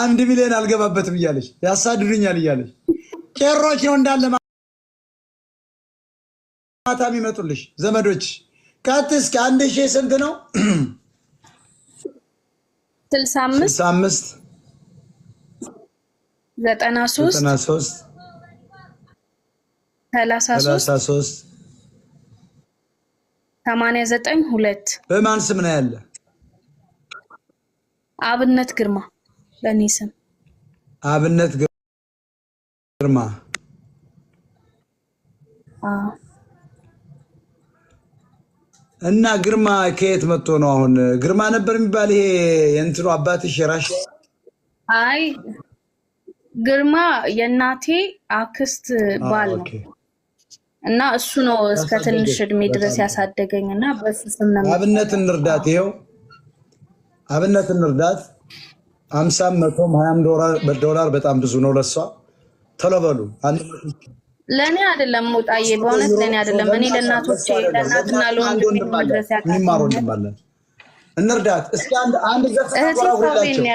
አንድ ሚሊዮን አልገባበትም እያለች ያሳድዱኛል እያለች ቄሮች ነው እንዳለ ማታ የሚመጡልሽ ዘመዶች። ቀጥ እስከ አንድ ሺህ ስንት ነው? ስልሳ አምስት ዘጠና ሶስት ሰላሳ ሶስት ሰማንያ ዘጠኝ ሁለት በማን ስም ነው ያለ? አብነት ግርማ ለእኔ ስም አብነት ግርማ እና ግርማ ከየት መጥቶ ነው? አሁን ግርማ ነበር የሚባል ይሄ የእንትኑ አባትሽ የራሽ? አይ ግርማ የእናቴ አክስት ባል ነው እና እሱ ነው እስከ ትንሽ እድሜ ድረስ ያሳደገኝ እና በሱ ስም ነው። አብነት እንርዳት፣ ይኸው አብነት እንርዳት አምሳም መቶም ሀያም ዶላር በጣም ብዙ ነው ለሷ። ተለበሉ ለእኔ አይደለም ሙጣዬ፣ በእውነት ለእኔ አይደለም። እኔ ለእናቶቼ ለእናትና ለወንድሜ እንባለን እንርዳት እስኪ። አንድ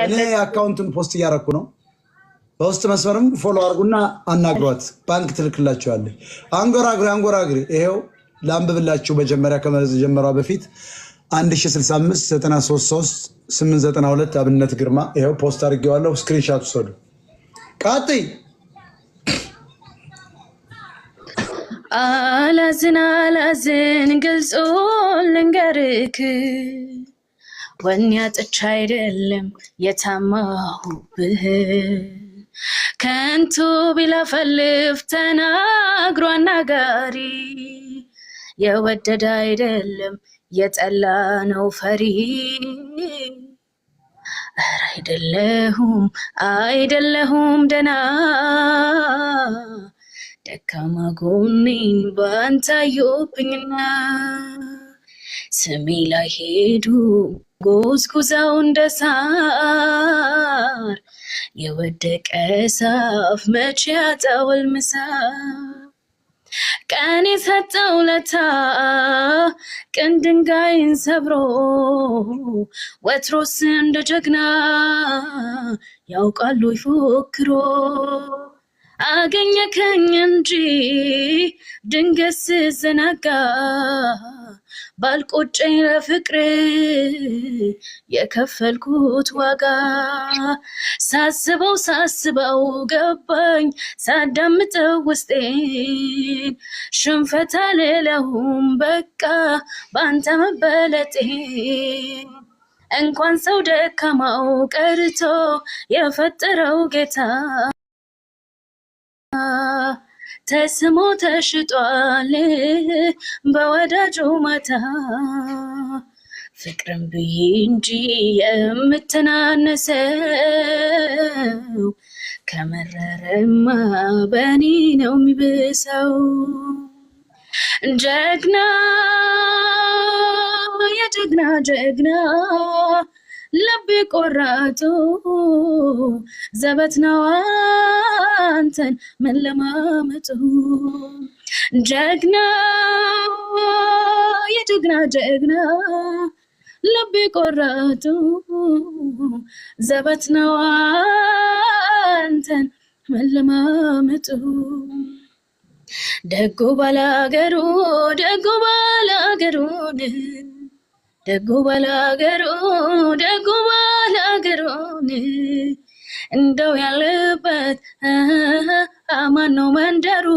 አንድ አካውንትን ፖስት እያረኩ ነው። በውስጥ መስመርም ፎሎ አርጉና አናግሯት፣ ባንክ ትልክላችኋለች። አንጎራግሪ አንጎራግሪ። ይሄው ለአንብብላችሁ መጀመሪያ ከመጀመሯ በፊት 1065933892 አብነት ግርማ ይኸው ፖስት አድርጌዋለሁ። ስክሪንሻት ውሰዱ። ቀጥይ አላዝን አላዝን ግልጹ ልንገርክ ወኔ አጥቻ አይደለም የታማሁብህ ከንቱ ቢለፈልፍ ተናግሮ አናጋሪ የወደደ አይደለም የጠላ ነው ፈሪ ኧረ አይደለሁም አይደለሁም ደና ደካማ ጎኔን ባንተ አየሁብኝና ስሜ ላይ ሄዱ ጎዝጉዘው እንደ ሳር የወደቀ ሳፍ መቼ ያጣውል ምሳር ቀን የሰጠው ለታ ቅን ድንጋይን ሰብሮ ወትሮስ እንደ ጀግና ያውቃሉ ይፎክሮ አገኘከኝ እንጂ ድንገት ስዘናጋ ባልቆጨኝ ለፍቅሬ የከፈልኩት ዋጋ ሳስበው ሳስበው ገባኝ ሳዳምጠው ውስጤን ሽንፈት አልለውም በቃ በአንተ መበለጤን እንኳን ሰው ደካማው ቀርቶ የፈጠረው ጌታ ተስሞ ተሽጧል በወዳጁ ማታ ፍቅርን ብዬ እንጂ የምተናነሰው ከመረረማ በኔ ነው የሚብሰው። ጀግና የጀግና ጀግና ልቤ ቆራጡ ዘበት ነው አንተን መለማመጡ ጀግና የጀግና ጀግና ልብ ቆራጡ ዘበት ነው አንተን መለማመጡ ደጎ ባላገሩ ደጎ ባላገሩ ደጎ ባላገሩ ደጎ ባላገሩ እንደው ያለበት አማን ነው መንደሩ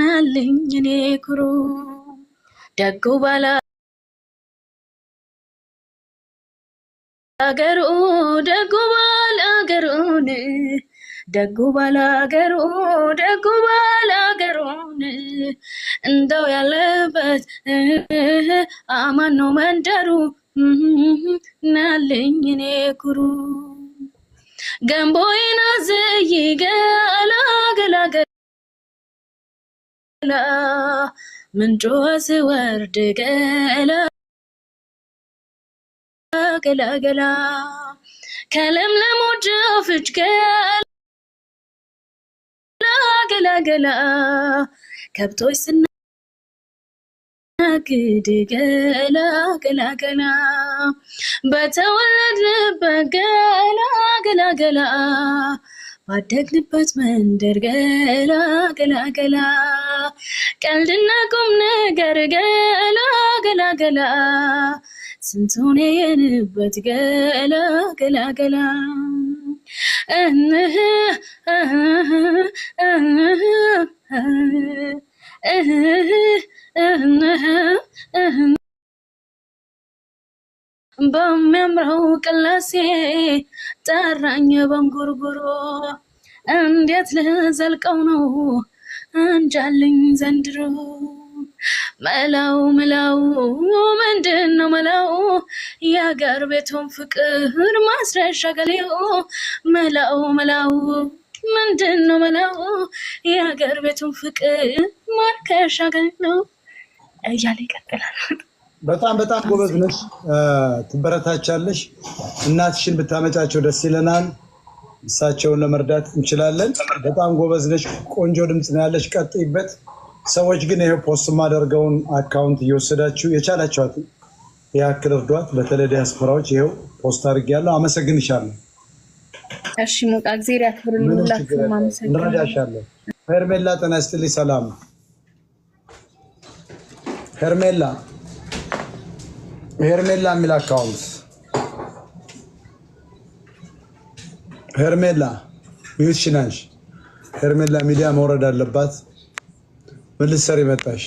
ናልኝ እኔ ኩሩ ደጎ ባላ አገሩ ደጉ ባል አገሩን ደጉ ባል አገሩ ደጉ ባል አገሩን እንደው ያለበት አማን ነው መንደሩ ናለኝ እኔ ኩሩ ገንቦይና ዘይገላ ገላገላገላ ምንጮ ስወርድ ገላ ገላገላ ከለምለሙ ጃፍች ገላገላ ከብቶች ስናግድ ገላገላገላ በተወለድንበት ገላገላገላ ባደግንበት መንደር ገላ ገላ ገላ ቀልድና ቁም ነገር ገላ ስንቱን የንበት ገላ ገላ ገላ በሚያምረው ቅላሴ ጠራኝ በንጉርጉሮ እንዴት ልዘልቀው ነው እንጃልኝ ዘንድሮ መለው ምለው ምንድን ነው መለው የአገር ቤቱን ፍቅር ማስረሻ ገሌው መለው መለው ምንድን ነው መለው የአገር ቤቱን ፍቅር ማርከሻ ገሌው እያለ ይቀጥላል። በጣም በጣም ጎበዝ ነሽ፣ ትበረታቻለሽ። እናትሽን ብታመጫቸው ደስ ይለናል። እሳቸውን ለመርዳት እንችላለን። በጣም ጎበዝ ነሽ። ቆንጆ ድምፅ ነው ያለሽ። ቀጥይበት። ሰዎች ግን ይሄ ፖስት የማደርገውን አካውንት እየወሰዳችሁ የቻላችኋት ያክል እርዷት። በተለይ ዲያስፖራዎች ይኸው ፖስት አድርጌያለሁ። አመሰግንሻለሁ። እሺ ሞጣ እግዜር ያክብርልን። አመሰግን እንረዳሻለን። ሄርሜላ ጤና ይስጥልኝ። ሰላም ሄርሜላ ሄርሜላ የሚል አካውንት ሄርሜላ ሚዩት ሽናሽ ሄርሜላ ሚዲያ መውረድ አለባት። ምን ልትሰሪ መጣሽ?